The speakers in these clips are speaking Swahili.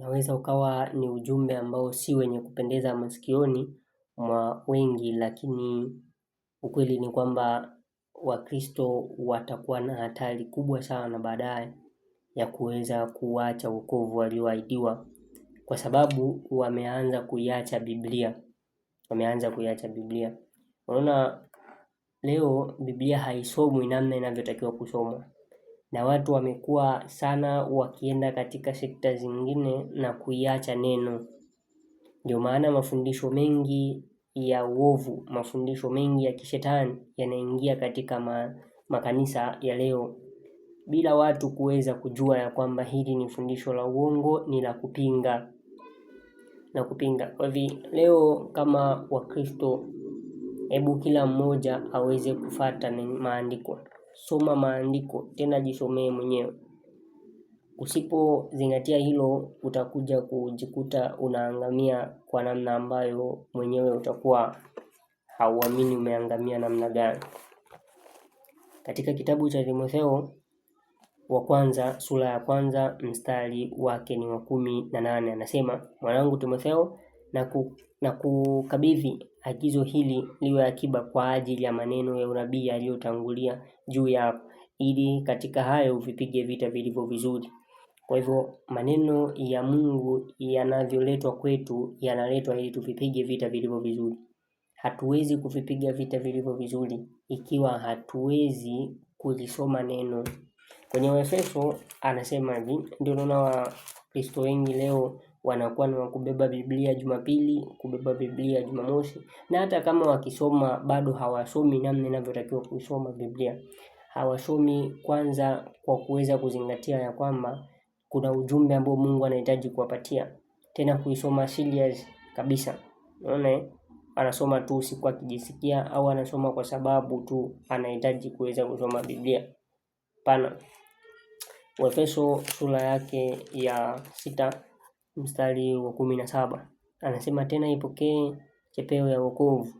unaweza ukawa ni ujumbe ambao si wenye kupendeza masikioni mwa wengi lakini ukweli ni kwamba wakristo watakuwa na hatari kubwa sana baadaye ya kuweza kuacha wokovu walioahidiwa kwa sababu wameanza kuiacha Biblia. Wameanza kuiacha Biblia. Unaona leo Biblia haisomwi namna inavyotakiwa kusomwa na watu wamekuwa sana wakienda katika sekta zingine na kuiacha neno. Ndio maana mafundisho mengi ya uovu, mafundisho mengi ya kishetani yanaingia katika ma, makanisa ya leo bila watu kuweza kujua ya kwamba hili ni fundisho la uongo, ni la kupinga na kupinga. Kwa hivyo leo kama Wakristo, hebu kila mmoja aweze kufata maandiko soma maandiko tena, jisomee mwenyewe. Usipozingatia hilo, utakuja kujikuta unaangamia kwa namna ambayo mwenyewe utakuwa hauamini umeangamia namna gani. Katika kitabu cha Timotheo wa kwanza sura ya kwanza mstari wake ni wa kumi na nane anasema, mwanangu Timotheo na kukabidhi agizo hili liwe akiba kwa ajili ya maneno ya unabii yaliyotangulia juu yako ili katika hayo uvipige vita vilivyo vizuri. Kwa hivyo maneno ya Mungu yanavyoletwa kwetu yanaletwa ili tuvipige vita vilivyo vizuri. Hatuwezi kuvipiga vita vilivyo vizuri ikiwa hatuwezi kulisoma neno. Kwenye Waefeso anasema hivi, ndio naona Wakristo wengi leo wanakuwa ni wakubeba Biblia Jumapili, kubeba Biblia Jumamosi, na hata kama wakisoma bado hawasomi namna inavyotakiwa kusoma Biblia. Hawasomi kwanza kwa kuweza kuzingatia ya kwamba kuna ujumbe ambao Mungu anahitaji kuwapatia, tena kuisoma serious kabisa. Unaona, anasoma tu siku akijisikia, au anasoma kwa sababu tu anahitaji kuweza kusoma Biblia. Pana Waefeso sura yake ya sita mstari wa kumi na saba anasema tena ipokee chepeo ya wokovu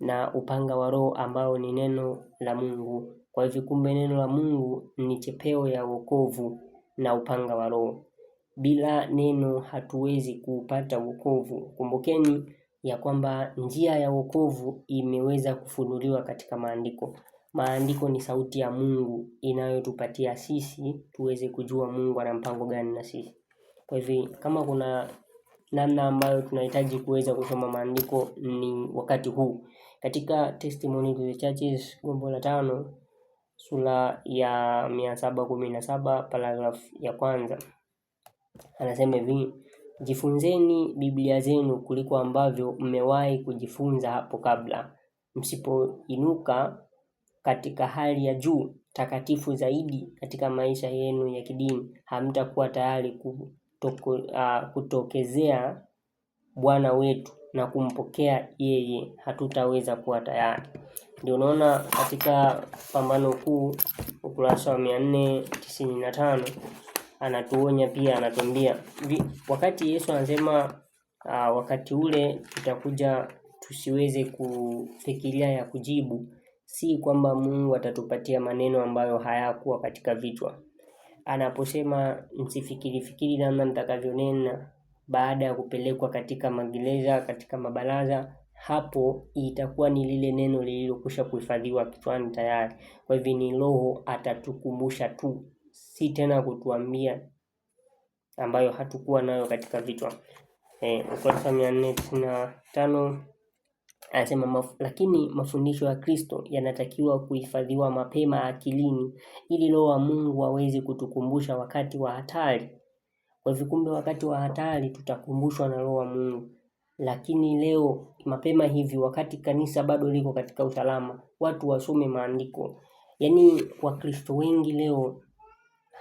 na upanga wa Roho ambao ni neno la Mungu. Kwa hivyo, kumbe neno la Mungu ni chepeo ya wokovu na upanga wa Roho. Bila neno hatuwezi kuupata wokovu. Kumbukeni ya kwamba njia ya wokovu imeweza kufunuliwa katika maandiko. Maandiko ni sauti ya Mungu inayotupatia sisi tuweze kujua Mungu ana mpango gani na sisi. Kwa hivyo kama kuna namna ambayo tunahitaji kuweza kusoma maandiko ni wakati huu. Katika Testimony to the Churches gombo la tano sura ya mia saba kumi na saba paragraph ya kwanza anasema hivi: jifunzeni Biblia zenu kuliko ambavyo mmewahi kujifunza hapo kabla, msipoinuka katika hali ya juu takatifu zaidi katika maisha yenu ya kidini, hamtakuwa tayari Ah, kutokezea Bwana wetu na kumpokea yeye, hatutaweza kuwa tayari. Ndio unaona katika Pambano Kuu ukurasa wa mia nne tisini na tano anatuonya pia, anatuambia wakati Yesu anasema uh, wakati ule tutakuja tusiweze kufikiria ya kujibu, si kwamba Mungu atatupatia maneno ambayo hayakuwa katika vichwa anaposema msifikiri fikiri namna mtakavyonena baada ya kupelekwa katika magereza, katika mabaraza, hapo itakuwa ni lile neno lililokwisha kuhifadhiwa kichwani tayari. Kwa hivyo ni Roho atatukumbusha tu, si tena kutuambia ambayo hatukuwa nayo katika vichwa. Eh, ukurasa mia nne tisini na tano anasema maf lakini mafundisho ya Kristo yanatakiwa kuhifadhiwa mapema akilini ili Roho wa Mungu aweze kutukumbusha wakati wa hatari. Kwa hivyo, kumbe wakati wa hatari tutakumbushwa na Roho wa Mungu. Lakini leo mapema hivi, wakati kanisa bado liko katika usalama, watu wasome maandiko. Yaani Wakristo wengi leo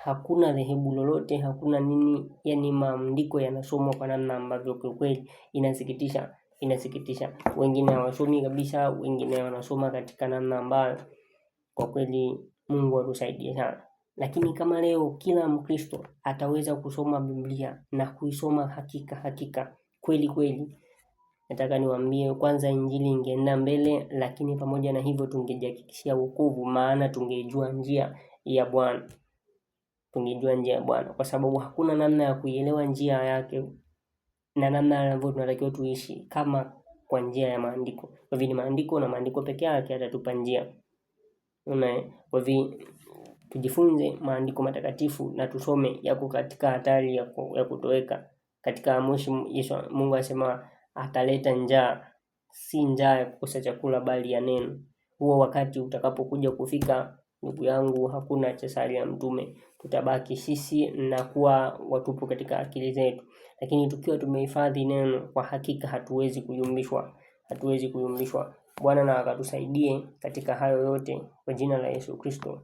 hakuna dhehebu lolote, hakuna nini, yani maandiko yanasomwa kwa namna ambavyo kiukweli inasikitisha inasikitisha. Wengine hawasomi kabisa, wengine wanasoma katika namna ambayo kwa kweli Mungu atusaidie sana. Lakini kama leo kila Mkristo ataweza kusoma Biblia na kuisoma hakika hakika kweli kweli, nataka niwaambie kwanza, injili ingeenda mbele, lakini pamoja na hivyo tungejihakikishia wokovu, maana tungejua njia ya Bwana, tungejua njia ya Bwana, kwa sababu hakuna namna ya kuielewa njia yake na namna ambavyo tunatakiwa tuishi kama kwa njia ya maandiko. Kwa hivyo ni maandiko na maandiko peke yake yatatupa njia. Kwa hivyo tujifunze maandiko matakatifu na tusome, yako katika hatari ya, ku, ya kutoweka. Katika Moshi. Yesu Mungu asema ataleta njaa, si njaa ya kukosa chakula, bali ya neno. Huo wakati utakapokuja kufika, ndugu yangu, hakuna cha ya mtume tutabaki sisi na kuwa watupu katika akili zetu, lakini tukiwa tumehifadhi neno, kwa hakika hatuwezi kuyumbishwa, hatuwezi kuyumbishwa. Bwana na akatusaidie katika hayo yote, kwa jina la Yesu Kristo.